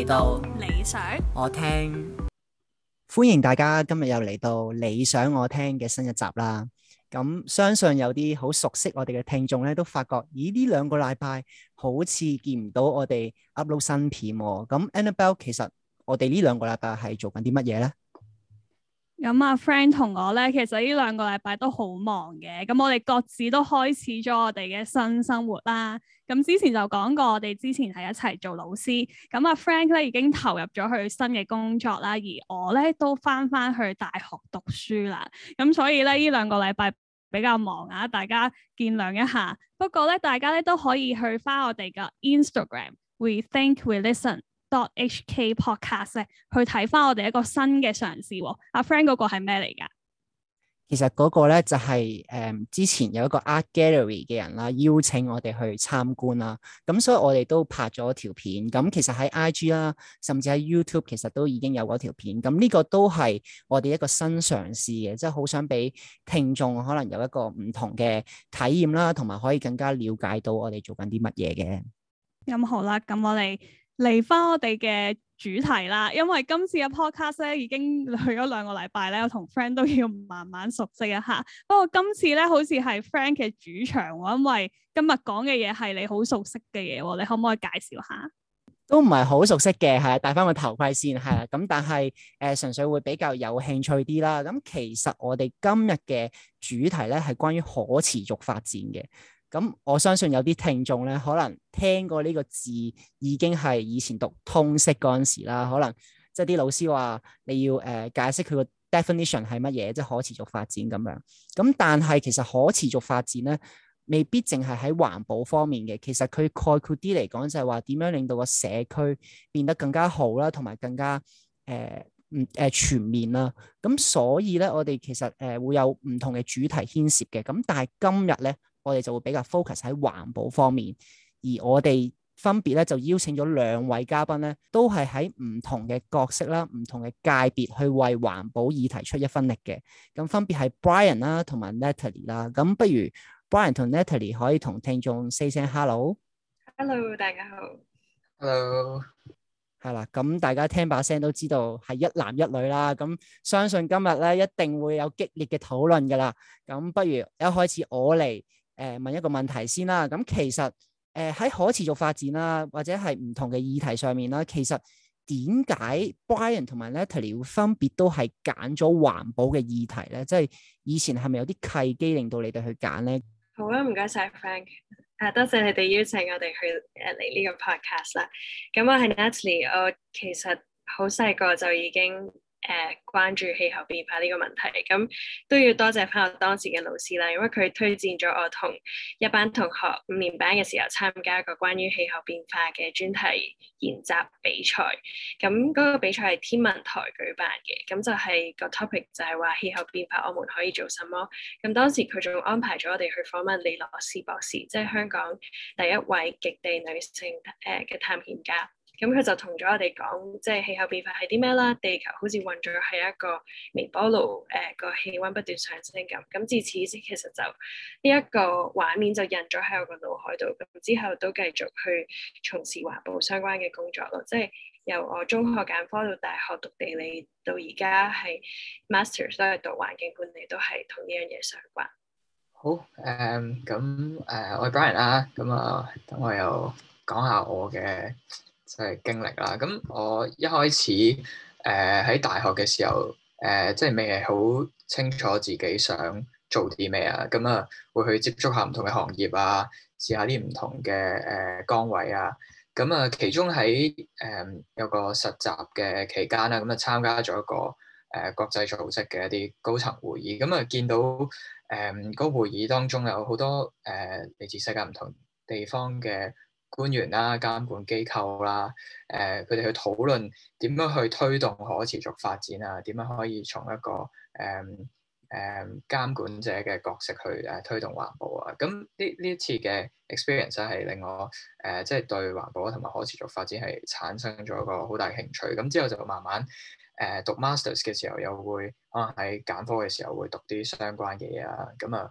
嚟到理想我聽，歡迎大家今日又嚟到理想我聽嘅新一集啦。咁相信有啲好熟悉我哋嘅聽眾咧，都發覺咦，呢兩個禮拜好似見唔到我哋 upload 新片喎。咁 Annabelle 其實我哋呢兩個禮拜係做緊啲乜嘢咧？咁、嗯、啊，Frank 同我咧，其實呢兩個禮拜都好忙嘅。咁、嗯、我哋各自都開始咗我哋嘅新生活啦。咁、嗯、之前就講過，我哋之前係一齊做老師。咁、嗯、啊，Frank 咧已經投入咗去新嘅工作啦，而我咧都翻翻去大學讀書啦。咁、嗯、所以咧，呢兩個禮拜比較忙啊，大家見諒一下。不過咧，大家咧都可以去翻我哋嘅 Instagram。We Think We Listen。dot HK podcast 去睇翻我哋一個新嘅嘗試。阿 Frank 嗰個係咩嚟噶？其實嗰個咧就係、是、誒、呃，之前有一個 art gallery 嘅人啦，邀請我哋去參觀啦。咁所以我哋都拍咗條片。咁其實喺 IG 啦，甚至喺 YouTube，其實都已經有嗰條片。咁呢個都係我哋一個新嘗試嘅，即係好想俾聽眾可能有一個唔同嘅體驗啦，同埋可以更加了解到我哋做緊啲乜嘢嘅。咁、嗯、好啦，咁我哋。嚟翻我哋嘅主題啦，因為今次嘅 podcast 咧已經去咗兩個禮拜咧，我同 Frank 都要慢慢熟悉一下。不過今次咧好似係 Frank 嘅主場喎，因為今日講嘅嘢係你好熟悉嘅嘢喎，你可唔可以介紹下？都唔係好熟悉嘅，係戴翻個頭盔先，係啦。咁但係誒純粹會比較有興趣啲啦。咁其實我哋今日嘅主題咧係關於可持續發展嘅。咁我相信有啲聽眾咧，可能聽過呢個字已經係以前讀通識嗰陣時啦。可能即係啲老師話你要誒、呃、解釋佢個 definition 係乜嘢，即係可持續發展咁樣。咁但係其實可持續發展咧，未必淨係喺環保方面嘅。其實佢概括啲嚟講就係話點樣令到個社區變得更加好啦，同埋更加誒唔誒全面啦。咁所以咧，我哋其實誒、呃、會有唔同嘅主題牽涉嘅。咁但係今日咧。我哋就會比較 focus 喺環保方面，而我哋分別咧就邀請咗兩位嘉賓咧，都係喺唔同嘅角色啦、唔同嘅界別去為環保議題出一分力嘅。咁分別係 Brian 啦，同埋 Natalie 啦。咁不如 Brian 同 Natalie 可以同聽眾 say 聲 hello。Hello，大家好。Hello。係啦，咁大家聽把聲都知道係一男一女啦。咁相信今日咧一定會有激烈嘅討論㗎啦。咁不如一開始我嚟。誒問一個問題先啦，咁其實誒喺、呃、可持續發展啦、啊，或者係唔同嘅議題上面啦、啊，其實點解 Brian 同埋 Natalie 會分別都係揀咗環保嘅議題咧？即係以前係咪有啲契機令到你哋去揀咧？好啦、啊，唔該曬，Frank 誒，多謝你哋邀請我哋去誒嚟呢個 podcast 啦。咁我係 Natalie，我其實好細個就已經，誒關注氣候變化呢個問題，咁都要多謝翻我當時嘅老師啦，因為佢推薦咗我同一班同學五年班嘅時候參加一個關於氣候變化嘅專題研習比賽，咁嗰個比賽係天文台舉辦嘅，咁就係個 topic 就係話氣候變化，我們可以做什麼？咁當時佢仲安排咗我哋去訪問李諾斯博士，即係香港第一位極地女性誒嘅探險家。咁佢、嗯、就同咗我哋講，即係氣候變化係啲咩啦？地球好似混咗喺一個微波爐誒，個、呃、氣温不斷上升咁。咁、嗯、至此先，其實就呢一、這個畫面就印咗喺我個腦海度。咁之後都繼續去從事環保相關嘅工作咯。即係由我中學揀科到大學讀地理，到而家係 master 都係讀環境管理，都係同呢樣嘢相關。好誒，咁、呃、誒、呃，我 Brian 啦、啊，咁啊、呃，等我又講下我嘅。即係經歷啦，咁我一開始誒喺、呃、大學嘅時候，誒即係未係好清楚自己想做啲咩啊，咁、嗯、啊會去接觸下唔同嘅行業、呃、啊，試下啲唔同嘅誒崗位啊，咁啊其中喺誒、呃、有個實習嘅期間啦，咁、嗯、啊參加咗一個誒、呃、國際組織嘅一啲高層會議，咁、嗯、啊見到誒、呃個會議當中有好多誒、呃、嚟自世界唔同地方嘅。官員啦、啊、監管機構啦、啊，誒、呃，佢哋去討論點樣去推動可持續發展啊？點樣可以從一個誒誒、嗯嗯、監管者嘅角色去誒、呃、推動環保啊？咁呢呢一次嘅 experience 係令我誒即係對環保同埋可持續發展係產生咗一個好大興趣。咁之後就慢慢誒、呃、讀 master's 嘅時候，又會可能喺揀科嘅時候會讀啲相關嘅嘢啊。咁啊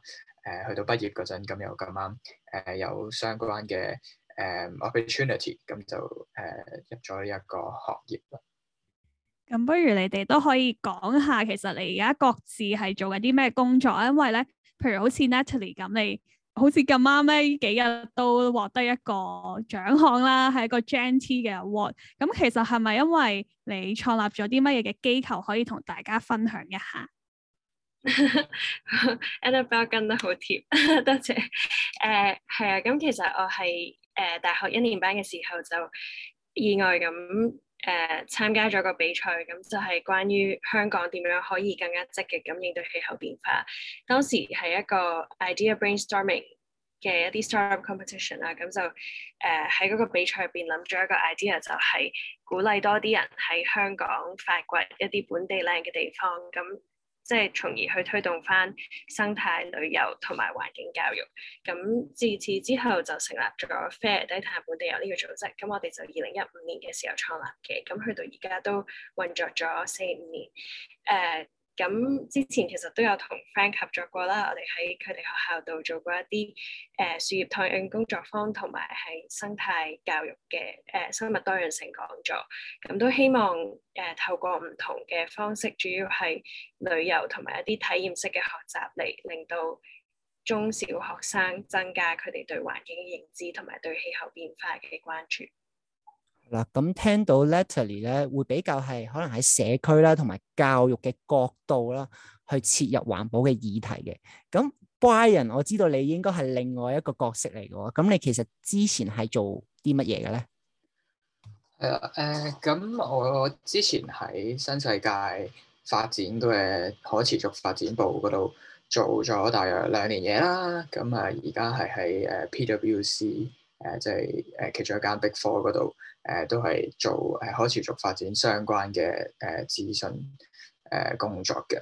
誒去到畢業嗰陣，咁又咁啱誒有相關嘅。誒、um，opportunity，咁就誒、uh, 入咗一個行業啦。咁不如你哋都可以講下，其實你而家各自係做緊啲咩工作？因為咧，譬如好似 Natalie 咁，你好似咁啱咧，呢幾日都獲得一個獎項啦，係一個 gentle 嘅、e、award。咁其實係咪因為你創立咗啲乜嘢嘅機構，可以同大家分享一下 ？Annabelle 跟得好貼，多 謝，謝。誒，係啊，咁其實我係。誒、uh, 大學一年班嘅時候就意外咁誒、uh, 參加咗個比賽，咁就係關於香港點樣可以更加積極咁應對氣候變化。當時係一個 idea brainstorming 嘅一啲 startup competition 啦，咁就誒喺嗰個比賽入邊諗咗一個 idea，就係鼓勵多啲人喺香港發掘一啲本地靚嘅地方咁。即係從而去推動翻生態旅遊同埋環境教育。咁自此之後就成立咗 Fair 非零低碳本地有呢個組織。咁我哋就二零一五年嘅時候創立嘅。咁去到而家都運作咗四五年。誒、uh,。咁之前其實都有同 Frank 合作過啦，我哋喺佢哋學校度做過一啲誒樹葉拓印工作坊，同埋係生態教育嘅誒、呃、生物多樣性講座。咁、嗯、都希望誒、呃、透過唔同嘅方式，主要係旅遊同埋一啲體驗式嘅學習嚟，令到中小學生增加佢哋對環境嘅認知同埋對氣候變化嘅關注。嗱，咁聽到 Natalie 咧，會比較係可能喺社區啦，同埋教育嘅角度啦，去切入環保嘅議題嘅。咁 Brian，我知道你應該係另外一個角色嚟嘅喎，咁你其實之前係做啲乜嘢嘅咧？係啊，咁、呃、我之前喺新世界發展都係可持續發展部嗰度做咗大約兩年嘢啦，咁啊，而家係喺誒 PWC。誒即係誒其中一間 Big Four 嗰度，誒、呃、都係做誒可持續發展相關嘅誒諮詢誒工作嘅。誒、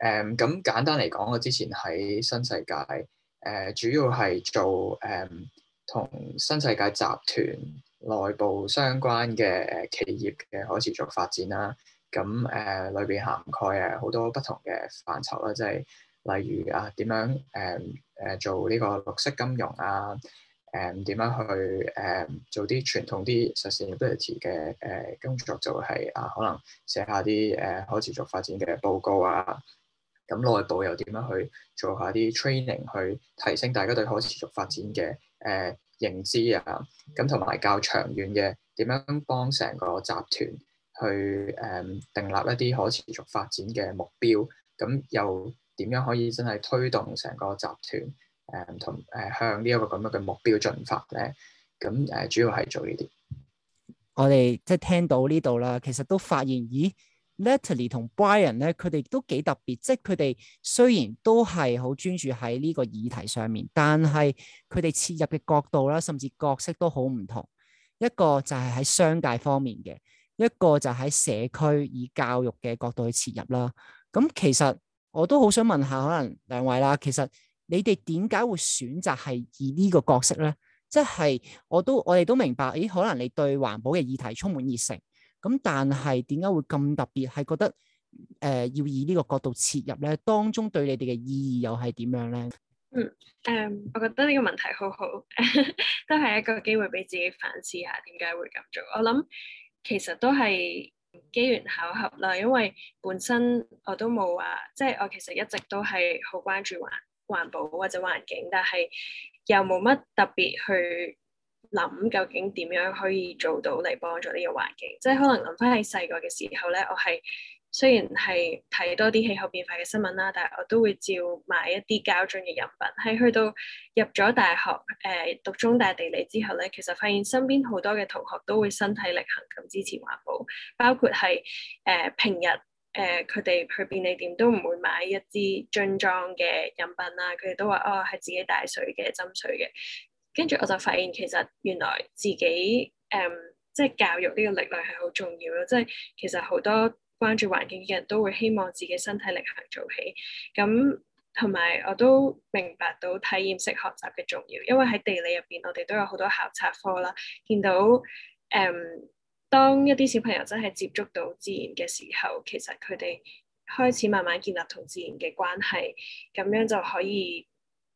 呃、咁簡單嚟講，我之前喺新世界誒、呃、主要係做誒同、呃、新世界集團內部相關嘅企業嘅可持續發展啦。咁誒裏邊涵蓋誒好多不同嘅範疇啦，即、啊、係例如啊點樣誒誒、啊、做呢個綠色金融啊。誒點樣去誒、嗯、做啲傳統啲實踐嘅誒工作就係、是、啊，可能寫下啲誒可持續發展嘅報告啊。咁內部又點樣去做下啲 training 去提升大家對可持續發展嘅誒、啊、認知啊？咁同埋較長遠嘅點樣幫成個集團去誒、嗯、訂立一啲可持續發展嘅目標？咁又點樣可以真係推動成個集團？誒，同誒、嗯、向呢一個咁樣嘅目標進發咧，咁誒、呃、主要係做呢啲。我哋即係聽到呢度啦，其實都發現，咦，Natalie 同 Brian 咧，佢哋都幾特別，即係佢哋雖然都係好專注喺呢個議題上面，但係佢哋切入嘅角度啦，甚至角色都好唔同。一個就係喺商界方面嘅，一個就喺社區以教育嘅角度去切入啦。咁其實我都好想問下，可能兩位啦，其實。你哋點解會選擇係以呢個角色咧？即係我都我哋都明白，咦、哎、可能你對環保嘅議題充滿熱誠，咁但係點解會咁特別？係覺得誒、呃、要以呢個角度切入咧，當中對你哋嘅意義又係點樣咧、嗯？嗯誒，我覺得呢個問題好好， 都係一個機會俾自己反思下點解會咁做。我諗其實都係機緣巧合啦，因為本身我都冇話，即、就、係、是、我其實一直都係好關注環保。環保或者環境，但係又冇乜特別去諗究竟點樣可以做到嚟幫助呢個環境。即係可能諗翻起細個嘅時候咧，我係雖然係睇多啲氣候變化嘅新聞啦，但係我都會照買一啲膠樽嘅飲品，喺去到入咗大學誒讀中大地理之後咧，其實發現身邊好多嘅同學都會身體力行咁支持環保，包括係誒、呃、平日。誒，佢哋、呃、去便利店都唔會買一支樽裝嘅飲品啦，佢哋都話：哦，係自己帶水嘅，斟水嘅。跟住我就發現，其實原來自己誒、嗯，即係教育呢個力量係好重要咯。即係其實好多關注環境嘅人都會希望自己身體力行做起。咁同埋我都明白到體驗式學習嘅重要，因為喺地理入邊，我哋都有好多考察科啦，見到誒。嗯當一啲小朋友真係接觸到自然嘅時候，其實佢哋開始慢慢建立同自然嘅關係，咁樣就可以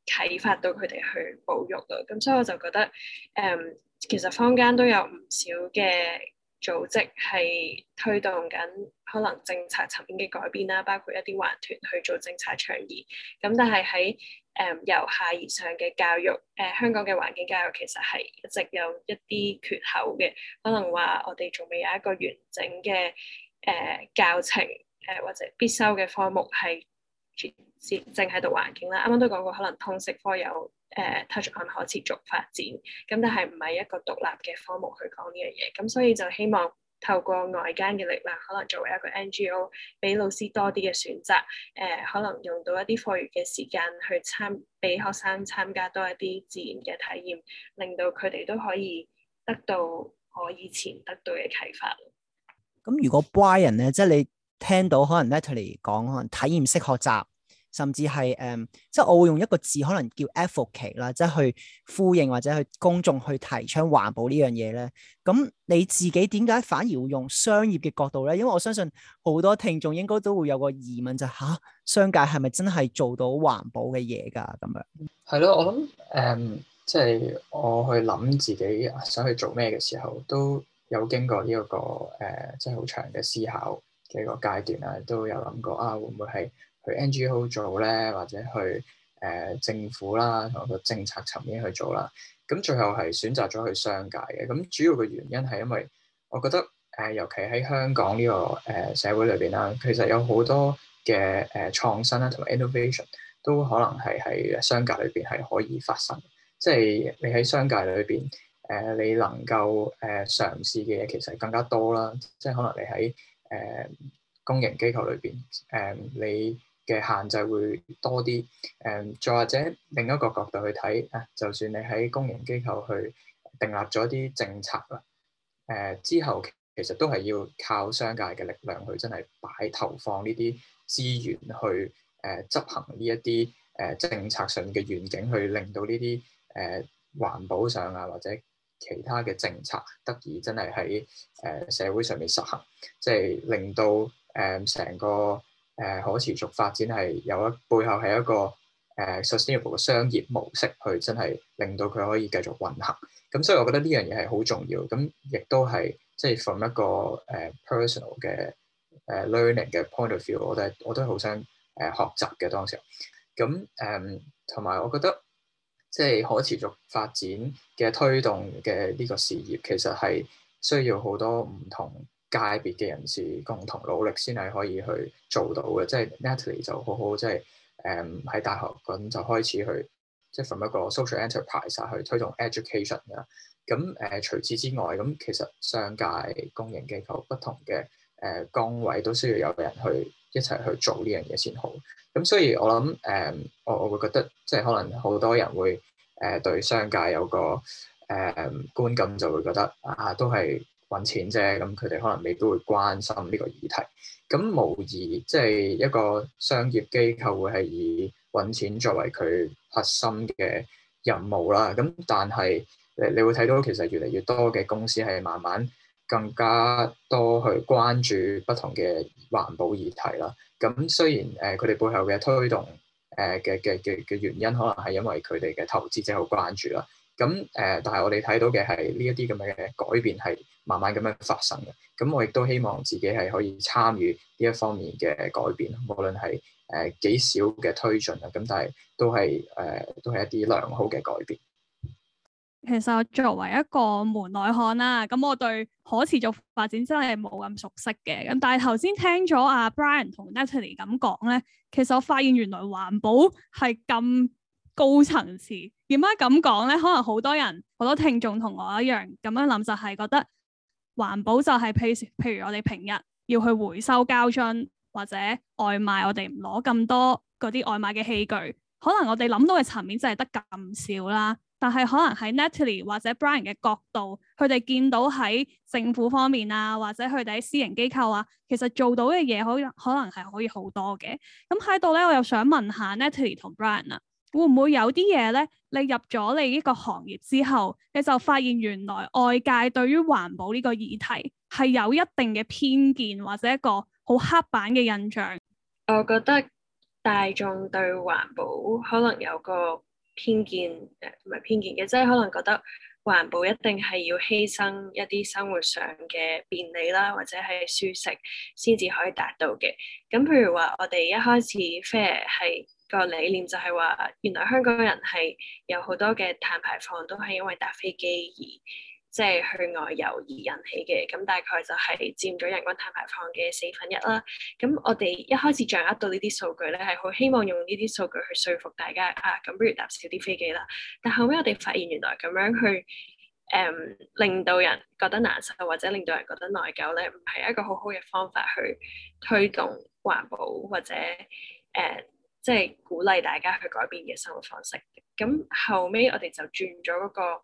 啟發到佢哋去保育啦。咁所以我就覺得，誒、嗯，其實坊間都有唔少嘅組織係推動緊可能政策層面嘅改變啦，包括一啲環團去做政策倡議。咁但係喺誒、um, 由下而上嘅教育，誒、呃、香港嘅環境教育其實係一直有一啲缺口嘅，可能話我哋仲未有一個完整嘅誒、呃、教程，誒、呃、或者必修嘅科目係淨係讀環境啦。啱啱都講過，可能通識科有誒 touch on 可持續發展，咁但係唔係一個獨立嘅科目去講呢樣嘢，咁所以就希望，透過外間嘅力量，可能作為一個 NGO，俾老師多啲嘅選擇，誒、呃，可能用到一啲課餘嘅時間去參俾學生參加多一啲自然嘅體驗，令到佢哋都可以得到我以前得到嘅啟發。咁如果 Brian 咧，即係你聽到可能 Natalie 講，可能體驗式學習。甚至係誒、嗯，即係我會用一個字，可能叫 advocate 啦，即係去呼應或者去公眾去提倡環保呢樣嘢咧。咁你自己點解反而會用商業嘅角度咧？因為我相信好多聽眾應該都會有個疑問、就是，就、啊、吓，商界係咪真係做到環保嘅嘢㗎？咁樣係咯，我諗誒，即、嗯、係、就是、我去諗自己想去做咩嘅時候，都有經過呢、這個誒，即係好長嘅思考嘅一個階段啦，都有諗過啊，會唔會係？去 NGO 做咧，或者去誒、呃、政府啦，同個政策層面去做啦。咁最後係選擇咗去商界嘅。咁主要嘅原因係因為我覺得誒、呃，尤其喺香港呢、這個誒、呃、社會裏邊啦，其實有好多嘅誒、呃、創新啦、啊，同埋 innovation 都可能係喺商界裏邊係可以發生。即、就、係、是、你喺商界裏邊，誒、呃，你能夠誒、呃、嘗試嘅嘢其實更加多啦。即、就、係、是、可能你喺誒、呃、公營機構裏邊，誒、呃，你嘅限制會多啲，誒，再或者另一個角度去睇啊，就算你喺公營機構去訂立咗啲政策啦，誒、呃，之後其實都係要靠商界嘅力量去真係擺投放呢啲資源去誒、呃、執行呢一啲誒政策上面嘅願景，去令到呢啲誒環保上啊或者其他嘅政策得以真係喺誒社會上面實行，即係令到誒成、呃、個。誒、uh, 可持續發展係有一背後係一個誒、uh, sustainable 嘅商業模式去真係令到佢可以繼續運行，咁所以我覺得呢樣嘢係好重要，咁亦都係即係 from 一個誒、uh, personal 嘅誒、uh, learning 嘅 point of view，我都係我都係好想誒、uh, 學習嘅當時，咁誒同埋我覺得即係、就是、可持續發展嘅推動嘅呢個事業其實係需要好多唔同。界別嘅人士共同努力先係可以去做到嘅，即、就、係、是、Natalie 就好好即係誒喺大學咁就開始去即係、就是、from 一個 social enterprise here, 去推動 education 啊。咁、呃、誒除此之外，咁其實商界公營機構不同嘅誒崗位都需要有人去一齊去做呢樣嘢先好。咁所以我諗誒、嗯、我我會覺得即係可能好多人會誒、呃、對商界有個誒、呃、觀感就會覺得啊都係。揾錢啫，咁佢哋可能未必會關心呢個議題。咁無疑即係、就是、一個商業機構會係以揾錢作為佢核心嘅任務啦。咁但係你你會睇到其實越嚟越多嘅公司係慢慢更加多去關注不同嘅環保議題啦。咁雖然誒佢哋背後嘅推動誒嘅嘅嘅嘅原因可能係因為佢哋嘅投資者好關注啦。咁誒、呃，但係我哋睇到嘅係呢一啲咁樣嘅改變係，慢慢咁樣發生嘅，咁我亦都希望自己係可以參與呢一方面嘅改變，無論係誒幾少嘅推進啊，咁但係都係誒、呃、都係一啲良好嘅改變。其實作為一個門外漢啦，咁我對可持續發展真係冇咁熟悉嘅，咁但係頭先聽咗阿、啊、Brian 同 Natalie 咁講咧，其實我發現原來環保係咁高層次，點解咁講咧？可能好多人、好多聽眾同我一樣咁樣諗，就係覺得。環保就係譬如譬如，我哋平日要去回收膠樽或者外賣，我哋唔攞咁多嗰啲外賣嘅器具，可能我哋諗到嘅層面就係得咁少啦。但係可能喺 Natalie 或者 Brian 嘅角度，佢哋見到喺政府方面啊，或者佢哋喺私營機構啊，其實做到嘅嘢，可可能係可以好多嘅。咁喺度咧，我又想問下 Natalie 同 Brian 啊。會唔會有啲嘢咧？你入咗你呢個行業之後，你就發現原來外界對於環保呢個議題係有一定嘅偏見，或者一個好刻板嘅印象。我覺得大眾對環保可能有個偏見，誒，唔係偏見嘅，即係可能覺得環保一定係要犧牲一啲生活上嘅便利啦，或者係舒適先至可以達到嘅。咁譬如話，我哋一開始 fair 係。個理念就係話，原來香港人係有好多嘅碳排放都係因為搭飛機而即係、就是、去外遊而引起嘅，咁大概就係佔咗人均碳排放嘅四分一啦。咁我哋一開始掌握到呢啲數據咧，係好希望用呢啲數據去說服大家啊，咁不如搭少啲飛機啦。但後尾我哋發現原來咁樣去誒、嗯、令到人覺得難受，或者令到人覺得內疚咧，唔係一個好好嘅方法去推動環保或者誒。嗯。即係鼓勵大家去改變嘅生活方式。咁後尾我哋就轉咗嗰、那個誒、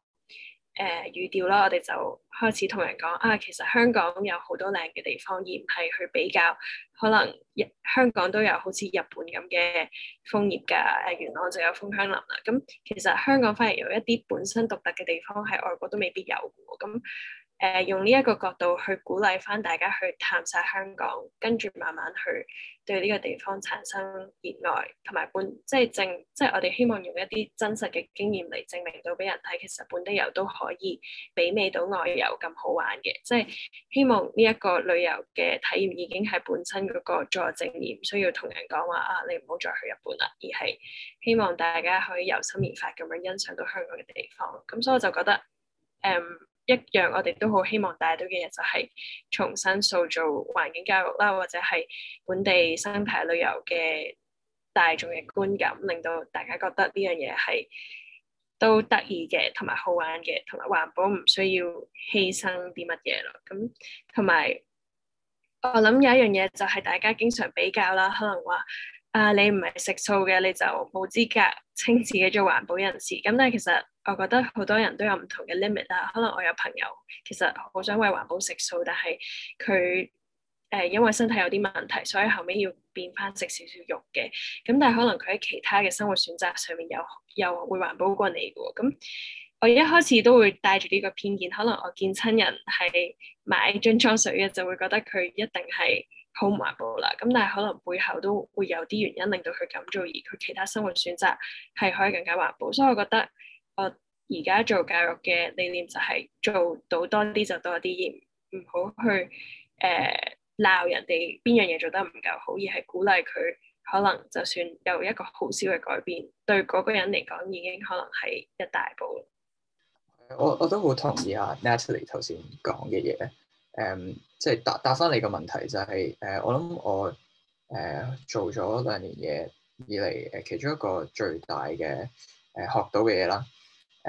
呃、語調啦，我哋就開始同人講啊，其實香港有好多靚嘅地方，而唔係去比較。可能日香港都有好似日本咁嘅楓葉㗎，啊，元朗就有楓香林啦。咁其實香港反而有一啲本身獨特嘅地方，喺外國都未必有喎。咁誒、呃、用呢一個角度去鼓勵翻大家去探晒香港，跟住慢慢去對呢個地方產生熱愛同埋本，即係正，即係我哋希望用一啲真實嘅經驗嚟證明到俾人睇，其實本地遊都可以媲美到外遊咁好玩嘅，即係希望呢一個旅遊嘅體驗已經係本身嗰個佐證，而唔需要同人講話啊，你唔好再去日本啦，而係希望大家可以由心而發咁樣欣賞到香港嘅地方。咁所以我就覺得，誒、嗯。一樣，我哋都好希望帶到嘅嘢就係重新塑造環境教育啦，或者係本地生態旅遊嘅大眾嘅觀感，令到大家覺得呢樣嘢係都得意嘅，同埋好玩嘅，同埋環保唔需要犧牲啲乜嘢咯。咁同埋我諗有一樣嘢就係大家經常比較啦，可能話啊，你唔係食素嘅，你就冇資格稱自己做環保人士。咁但係其實我覺得好多人都有唔同嘅 limit 啦。可能我有朋友其實好想為環保食素，但係佢誒因為身體有啲問題，所以後尾要變翻食少少肉嘅。咁但係可能佢喺其他嘅生活選擇上面有又，又會環保過你嘅喎。咁我一開始都會帶住呢個偏見，可能我見親人係買樽裝水嘅，就會覺得佢一定係好唔環保啦。咁但係可能背後都會有啲原因令到佢咁做，而佢其他生活選擇係可以更加環保。所以我覺得。我而家做教育嘅理念就係做到多啲就多啲，而唔好去誒鬧、呃、人哋邊樣嘢做得唔夠好，而係鼓勵佢可能就算有一個好少嘅改變，對嗰個人嚟講已經可能係一大步。我我都好同意啊，Natalie 頭先講嘅嘢，誒即係答答翻你個問題就係、是、誒、呃、我諗我誒、呃、做咗兩年嘢以嚟誒其中一個最大嘅誒、呃、學到嘅嘢啦。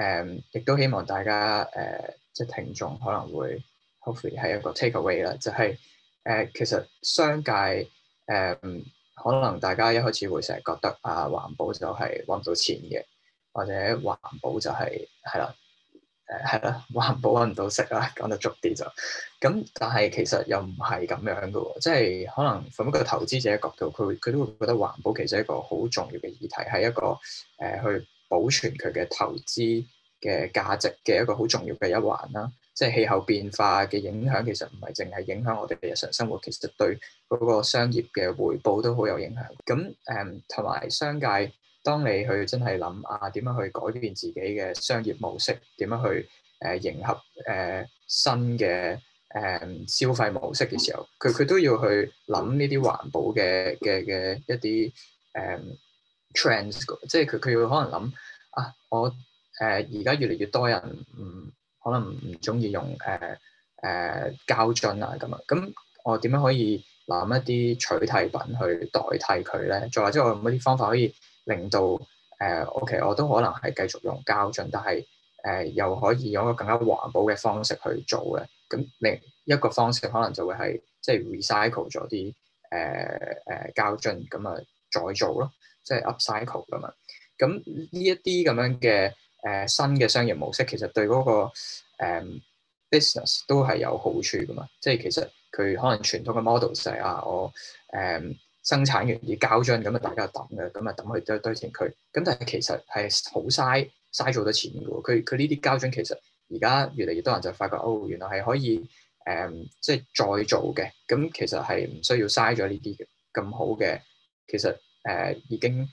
誒、嗯，亦都希望大家誒，即係聽眾可能會，hopefully 係一個 takeaway 啦，就係、是、誒、呃，其實商界誒、呃，可能大家一開始會成日覺得啊，環保就係揾唔到錢嘅，或者環保就係、是、係啦，誒、呃、係啦，環保揾唔到食啦，講得足啲就，咁但係其實又唔係咁樣噶喎、哦，即、就、係、是、可能從一個投資者角度，佢佢都會覺得環保其實係一個好重要嘅議題，係一個誒、呃、去，保存佢嘅投資嘅價值嘅一個好重要嘅一環啦，即係氣候變化嘅影響，其實唔係淨係影響我哋日常生活，其實對嗰個商業嘅回報都好有影響。咁誒，同、嗯、埋商界，當你去真係諗啊，點樣去改變自己嘅商業模式，點樣去誒、呃、迎合誒、呃、新嘅誒、嗯、消費模式嘅時候，佢佢都要去諗呢啲環保嘅嘅嘅一啲誒。嗯 trans 即係佢，佢會可能諗啊，我誒而家越嚟越多人唔、嗯、可能唔唔中意用誒誒、呃呃、膠樽啊咁啊，咁我點樣可以諗一啲取替品去代替佢咧？再或者我有冇啲方法可以令到誒、呃、OK，我都可能係繼續用膠樽，但係誒、呃、又可以有一個更加環保嘅方式去做嘅。咁另一個方式可能就會係即係 recycle 咗啲誒誒、呃呃、膠樽咁啊，再做咯。即係 upcycle 㗎嘛，咁呢一啲咁樣嘅誒、呃、新嘅商業模式，其實對嗰、那個、嗯、business 都係有好處㗎嘛。即係其實佢可能傳統嘅 model 就係、就是、啊，我誒、嗯、生產完啲膠樽咁啊，大家等嘅，咁啊等佢堆堆填區。咁但係其實係好嘥嘥咗好多錢㗎喎。佢佢呢啲膠樽其實而家越嚟越多人就發覺，哦，原來係可以誒、嗯、即係再做嘅。咁其實係唔需要嘥咗呢啲嘅咁好嘅，其實。誒、uh, 已經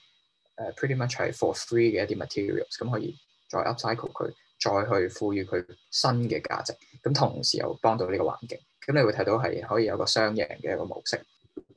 誒、uh, pretty much 係 for free 嘅一啲 materials，咁可以再 upcycle 佢，再去賦予佢新嘅價值，咁同時又幫到呢個環境，咁你會睇到係可以有個雙贏嘅一個模式。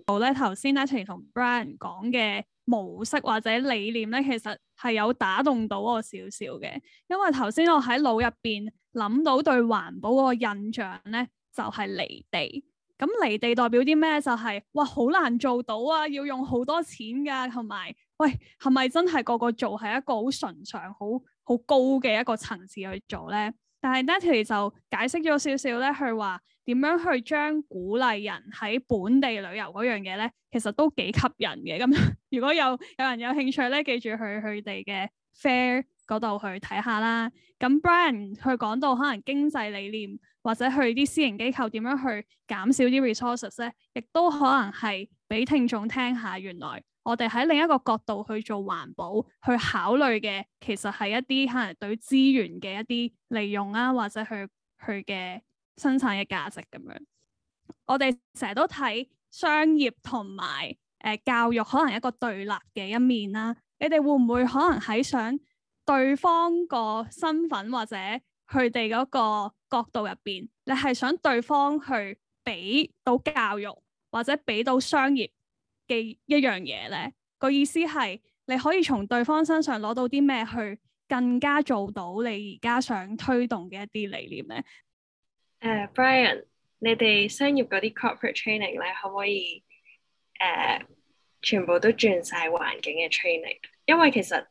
好咧，頭先咧，一齊同 Brian 講嘅模式或者理念咧，其實係有打動到我少少嘅，因為頭先我喺腦入邊諗到對環保個印象咧，就係離地。咁離地代表啲咩？就係、是、哇，好難做到啊，要用好多錢噶，同埋喂，係咪真係個個做係一個好純常、好好高嘅一個層次去做咧？但係 Natalie 就解釋咗少少咧，佢話點樣去將鼓勵人喺本地旅遊嗰樣嘢咧，其實都幾吸引嘅。咁、嗯、如果有有人有興趣咧，記住去佢哋嘅 Fair。嗰度去睇下啦，咁 Brian 去講到可能經濟理念或者去啲私營機構點樣去減少啲 resources 咧，亦都可能係俾聽眾聽下，原來我哋喺另一個角度去做環保，去考慮嘅其實，係一啲可能對資源嘅一啲利用啊，或者去去嘅生產嘅價值咁樣，我哋成日都睇商業同埋誒教育可能一個對立嘅一面啦，啊，你哋會唔會可能喺想？對方個身份或者佢哋嗰個角度入邊，你係想對方去俾到教育或者俾到商業嘅一樣嘢咧？個意思係你可以從對方身上攞到啲咩去更加做到你而家想推動嘅一啲理念咧？誒，uh，Brian，你哋商業嗰啲 corporate training 咧，可唔可以誒，uh，全部都轉晒環境嘅 training？因為其實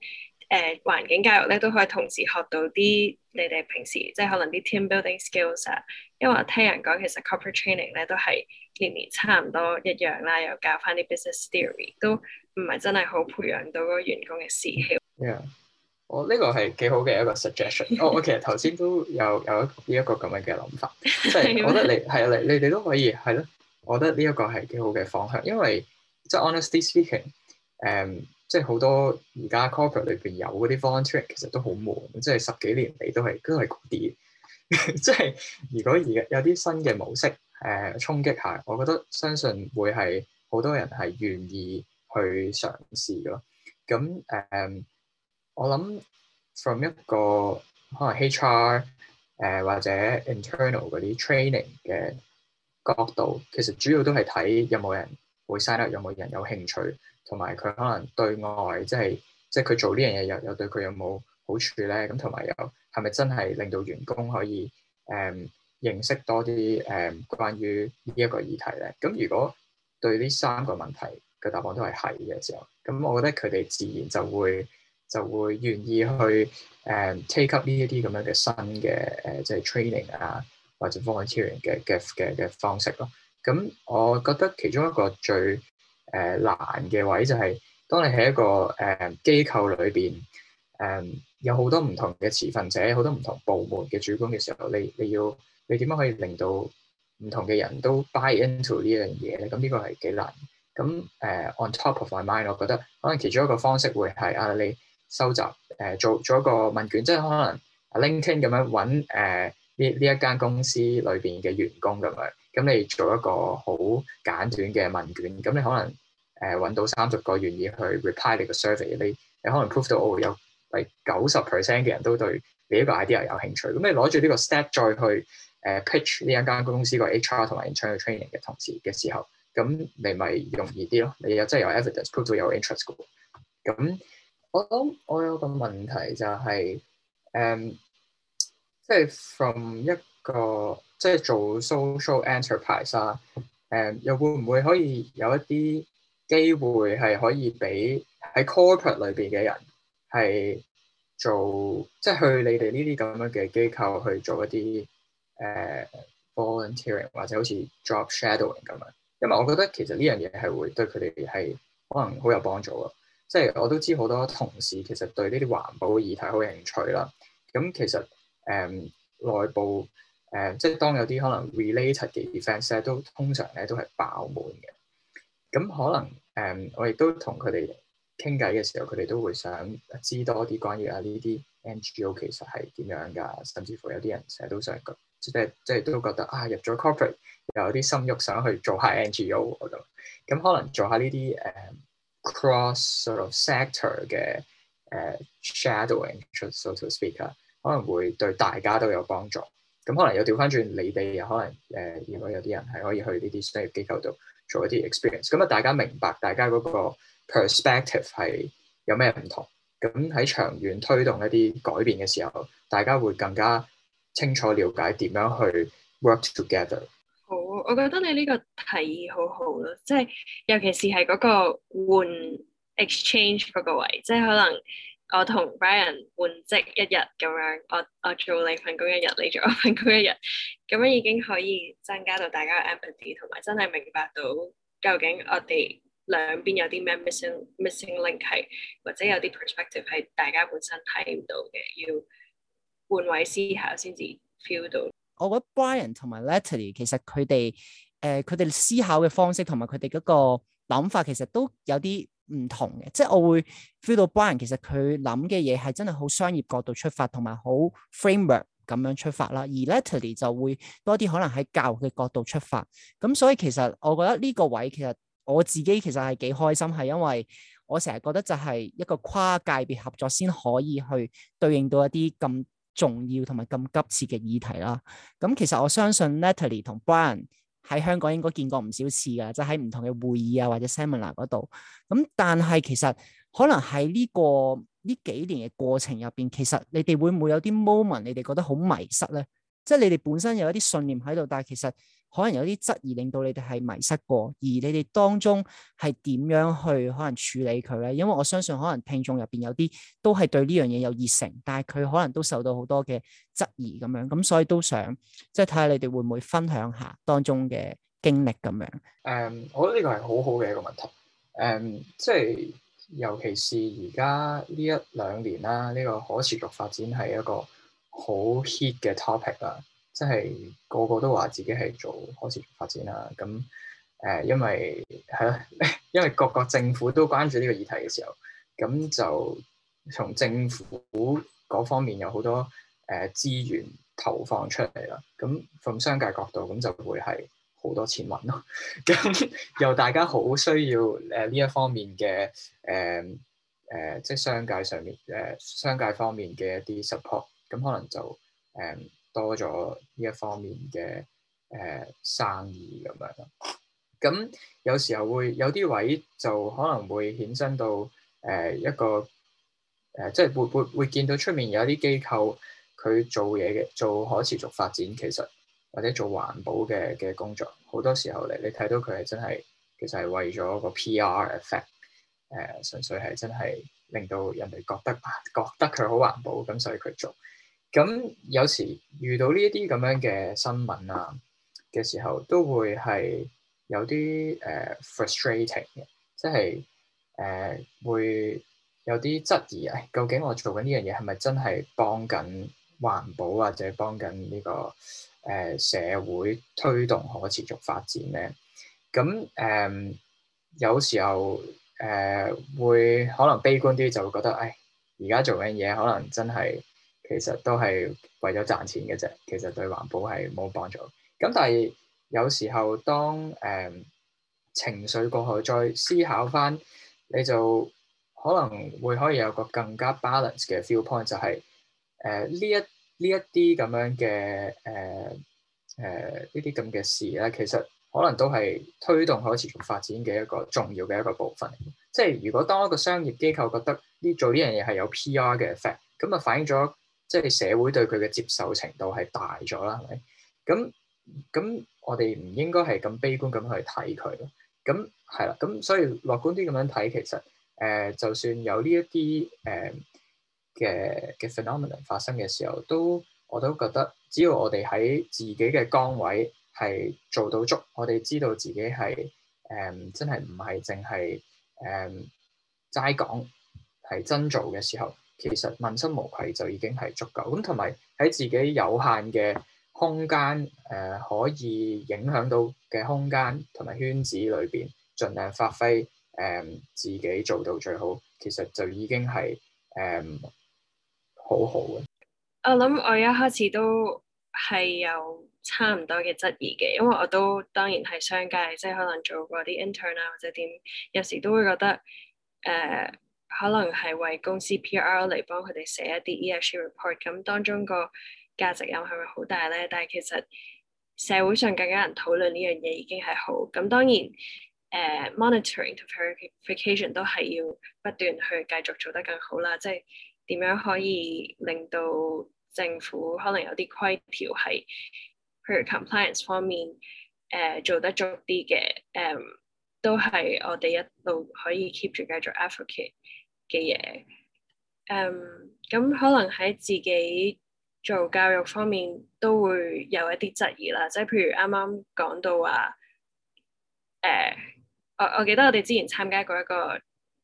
誒，環境教育咧都可以同時學到啲你哋平時即係可能啲 team building skills 啊，因為我聽人講其實 company training 咧都係年年差唔多一樣啦，又教翻啲 business theory，都唔係真係好培養到嗰個員工嘅士氣。Yeah. 我呢個係幾好嘅一個 suggestion。我、 oh，我其實頭先都有有一呢一個咁樣嘅諗法，即係 我覺得你係啊，你你哋都可以係咯。我覺得呢一個係幾好嘅方向，因為即係 honestly speaking，誒、um。即係好多而家 corporate 裏邊有嗰啲 volunteer 其實都好悶，即係十幾年嚟都係都係嗰啲。 即係如果而家有啲新嘅模式，誒、呃、衝擊下，我覺得相信會係好多人係願意去嘗試咯。咁誒，um, 我諗 from 一個可能 HR 誒、呃、或者 internal 嗰啲 training 嘅角度，其實主要都係睇有冇人會 sign up，有冇人有興趣。同埋佢可能對外即係即係佢做呢樣嘢，又又對佢有冇好處咧？咁同埋又係咪真係令到員工可以誒、嗯、認識多啲誒、嗯、關於呢一個議題咧？咁如果對呢三個問題嘅答案都係係嘅時候，咁我覺得佢哋自然就會就會願意去誒、嗯、take up 呢一啲咁樣嘅新嘅誒，即、呃、係、就是、training 啊或者 volunteering 嘅嘅嘅嘅方式咯。咁我覺得其中一個最誒、uh, 難嘅位就係、是，當你喺一個誒、uh, 機構裏邊，誒、um, 有好多唔同嘅持份者，好多唔同部門嘅主管嘅時候，你你要你點樣可以令到唔同嘅人都 buy into 呢樣嘢咧？咁呢個係幾難。咁誒、uh, on top of my mind，我覺得可能其中一個方式會係啊，你收集誒、uh, 做做一個問卷，即係可能 LinkedIn 咁樣揾誒呢呢一間公司裏邊嘅員工咁樣。咁你做一個好簡短嘅問卷，咁你可能誒揾、呃、到三十個願意去 reply 你個 survey，你你可能 prove 到我、哦、有，喂九十 percent 嘅人都對你呢個 idea 有興趣，咁你攞住呢個 step 再去誒 pitch 呢間公司個 HR 同埋 internal training 嘅同事嘅時候，咁你咪容易啲咯，你有真係、就是、有 evidence prove 到有 interest 嘅喎。咁我諗我有個問題就係、是、誒，um, 即係 from 一。個即係做 social enterprise 啊，誒又會唔會可以有一啲機會係可以俾喺 corporate 裏邊嘅人係做，即係去你哋呢啲咁樣嘅機構去做一啲誒、呃、volunteering 或者好似 job shadowing 咁樣，因為我覺得其實呢樣嘢係會對佢哋係可能好有幫助咯。即係我都知好多同事其實對呢啲環保議題好有興趣啦。咁其實誒、呃、內部。誒，uh, 即係當有啲可能 related 嘅 event 咧，都通常咧都係爆滿嘅。咁可能誒，um, 我亦都同佢哋傾偈嘅時候，佢哋都會想知多啲關於啊呢啲 NGO 其實係點樣㗎，甚至乎有啲人成日都想即係即係都覺得啊，入咗 corporate 又有啲心喐，想去做下 NGO，我都咁可能做下呢啲誒 cross sort of sector o of r t s、uh, 嘅誒 shadowing so to speak 啊，可能會對大家都有幫助。咁可能又調翻轉，你哋又可能誒、呃，如果有啲人係可以去呢啲商業機構度做一啲 experience。咁啊，大家明白大家嗰個 perspective 係有咩唔同，咁喺長遠推動一啲改變嘅時候，大家會更加清楚了解點樣去 work together。好，我覺得你呢個提議好好咯，即係尤其是係嗰個換 exchange 嗰個位，即係可能。我同 Brian 換職一日咁樣，我我做你份工一日，你做我份工一日，咁樣已經可以增加到大家嘅 empathy 同埋真係明白到究竟我哋兩邊有啲咩 missing missing link 係，或者有啲 perspective 係大家本身睇唔到嘅，要換位思考先至 feel 到。我覺得 Brian 同埋 Natalie 其實佢哋誒佢哋思考嘅方式同埋佢哋嗰個諗法其實都有啲。唔同嘅，即係我會 feel 到 Brian 其實佢諗嘅嘢係真係好商業角度出發，同埋好 framework 咁樣出發啦。而 Natalie 就會多啲可能喺教育嘅角度出發。咁所以其實我覺得呢個位其實我自己其實係幾開心，係因為我成日覺得就係一個跨界別合作先可以去對應到一啲咁重要同埋咁急切嘅議題啦。咁其實我相信 Natalie 同 Brian。喺香港應該見過唔少次噶，即係喺唔同嘅會議啊或者 seminar 嗰度。咁、嗯、但係其實可能喺呢、呢個呢幾年嘅過程入邊，其實你哋會唔會有啲 moment 你哋覺得好迷失咧？即係你哋本身有一啲信念喺度，但係其實可能有啲質疑，令到你哋係迷失過。而你哋當中係點樣去可能處理佢咧？因為我相信可能聽眾入邊有啲都係對呢樣嘢有熱誠，但係佢可能都受到好多嘅質疑咁樣。咁所以都想即係睇下你哋會唔會分享下當中嘅經歷咁樣。誒、嗯，我覺得呢個係好好嘅一個問題。誒、嗯，即係尤其是而家呢一兩年啦，呢個可持續發展係一個好 hit 嘅 topic 啦，即係個個都話自己係做可持續發展啦。咁誒、呃，因為係啦，因為各國政府都關注呢個議題嘅時候，咁就從政府嗰方面有好多誒、呃、資源投放出嚟啦。咁從商界角度，咁就會係好多錢揾咯。咁又大家好需要誒呢、呃、一方面嘅誒誒，即係商界上面誒、呃、商界方面嘅一啲 support。咁可能就誒、um, 多咗呢一方面嘅誒、uh, 生意咁樣啦。咁有時候會有啲位就可能會衍生到誒、呃、一個誒、呃，即係會會會見到出面有啲機構佢做嘢嘅，做可持續發展，其實或者做環保嘅嘅工作好多時候嚟你睇到佢係真係其實係為咗個 PR effect 誒、呃，純粹係真係令到人哋覺得啊覺得佢好環保咁，所以佢做。咁有時遇到呢一啲咁樣嘅新聞啊嘅時候，都會係有啲誒、uh, frustrating，即係誒、uh, 會有啲質疑啊、哎。究竟我做緊呢樣嘢係咪真係幫緊環保，或者幫緊呢、呢個誒、uh, 社會推動可持續發展咧？咁誒、um, 有時候誒、uh, 會可能悲觀啲，就會覺得唉，而、哎、家做緊嘢可能真係。其實都係為咗賺錢嘅啫，其實對環保係冇幫助。咁但係有時候當誒、呃、情緒過去，再思考翻，你就可能會可以有個更加 balance 嘅 viewpoint 就係誒呢一呢一啲咁樣嘅誒誒呢啲咁嘅事咧，其實可能都係推動可持續發展嘅一個重要嘅一個部分。即係如果當一個商業機構覺得呢做呢樣嘢係有 PR 嘅 effect 咁啊反映咗。即係社會對佢嘅接受程度係大咗啦，係咪？咁咁我哋唔應該係咁悲觀咁去睇佢。咁係啦，咁所以樂觀啲咁樣睇，其實誒、呃、就算有呢一啲誒嘅嘅 phenomenon 發生嘅時候，都我都覺得，只要我哋喺自己嘅崗位係做到足，我哋知道自己係誒、呃、真係唔係淨係誒齋講係真做嘅時候。其實問心無愧就已經係足夠，咁同埋喺自己有限嘅空間，誒、呃、可以影響到嘅空間同埋圈子裏邊，盡量發揮誒、呃、自己做到最好，其實就已經係誒、呃、好好嘅。我諗我一開始都係有差唔多嘅質疑嘅，因為我都當然係商界，即係可能做過啲 intern 啊或者點，有時都會覺得誒、呃可能係為公司 P.R. 嚟幫佢哋寫一啲 E.S.G. report，咁當中個價值又係咪好大咧？但係其實社會上更加人討論呢樣嘢已經係好咁。當然，誒、uh, monitoring to verification 都係要不斷去繼續做得更好啦。即係點樣可以令到政府可能有啲規條係 compliance 方面誒、uh, 做得足啲嘅？誒、um, 都係我哋一路可以 keep 住繼續 effort 嘅。嘅嘢，嗯，咁、um, 可能喺自己做教育方面都會有一啲質疑啦，即係譬如啱啱講到話，誒，uh，我我記得我哋之前參加過一個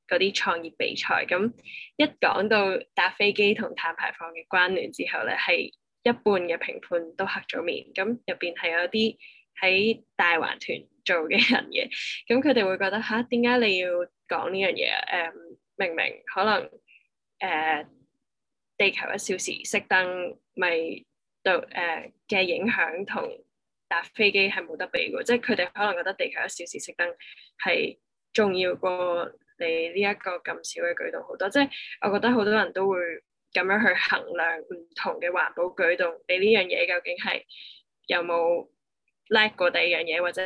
嗰啲創業比賽，咁一講到搭飛機同碳排放嘅關聯之後咧，係一半嘅評判都黑咗面，咁入邊係有一啲喺大環團做嘅人嘅，咁佢哋會覺得吓，點解你要講呢樣嘢啊？Um, 明明可能誒、呃、地球一小時熄燈咪對誒嘅影響同搭飛機係冇得比嘅，即係佢哋可能覺得地球一小時熄燈係重要過你呢一個咁少嘅舉動好多。即係我覺得好多人都會咁樣去衡量唔同嘅環保舉動，你呢樣嘢究竟係有冇叻過第二樣嘢，或者？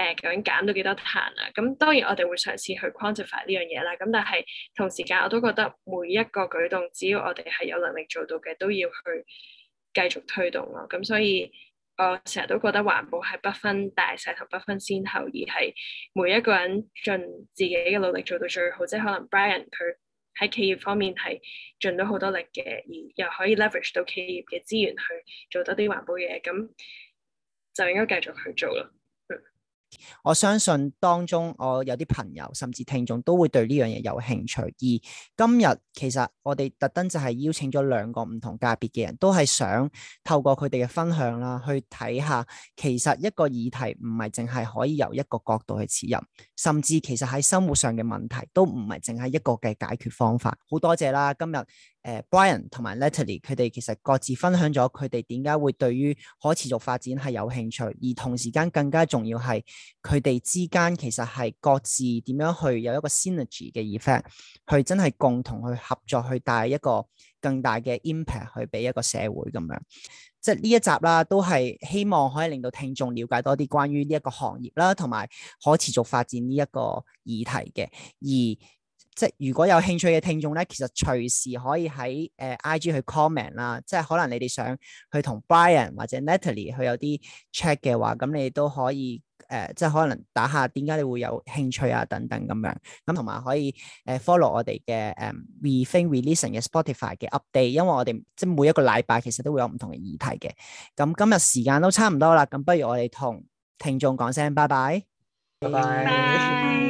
誒，究竟減到幾多碳啊？咁當然我哋會嘗試去 quantify 呢樣嘢啦。咁但係同時間我都覺得每一個舉動，只要我哋係有能力做到嘅，都要去繼續推動咯。咁所以我成日都覺得環保係不分大細同不分先後，而係每一個人盡自己嘅努力做到最好。即係可能 Brian 佢喺企業方面係盡到好多力嘅，而又可以 leverage 到企業嘅資源去做多啲環保嘢，咁就應該繼續去做咯。我相信當中，我有啲朋友甚至聽眾都會對呢樣嘢有興趣。而今日其實我哋特登就係邀請咗兩個唔同界別嘅人都係想透過佢哋嘅分享啦，去睇下其實一個議題唔係淨係可以由一個角度去切入，甚至其實喺生活上嘅問題都唔係淨係一個嘅解決方法。好多謝啦，今日。誒、uh, Brian 同埋 Natalie 佢哋其實各自分享咗佢哋點解會對於可持續發展係有興趣，而同時間更加重要係佢哋之間其實係各自點樣去有一個 synergy 嘅 effect，去真係共同去合作去帶一個更大嘅 impact 去俾一個社會咁樣。即係呢一集啦，都係希望可以令到聽眾了解多啲關於呢一個行業啦，同埋可持續發展呢一個議題嘅，而。即係如果有興趣嘅聽眾咧，其實隨時可以喺誒、呃、IG 去 comment 啦。即係可能你哋想去同 Brian 或者 Natalie 去有啲 check 嘅話，咁你哋都可以誒、呃，即係可能打下點解你會有興趣啊等等咁樣。咁同埋可以誒 follow 我哋嘅誒 um, Rethink Release 嘅 Spotify 嘅 update，因為我哋即係每一個禮拜其實都會有唔同嘅議題嘅。咁今日時間都差唔多啦，咁不如我哋同聽眾講聲拜拜，拜拜。Bye bye Bye.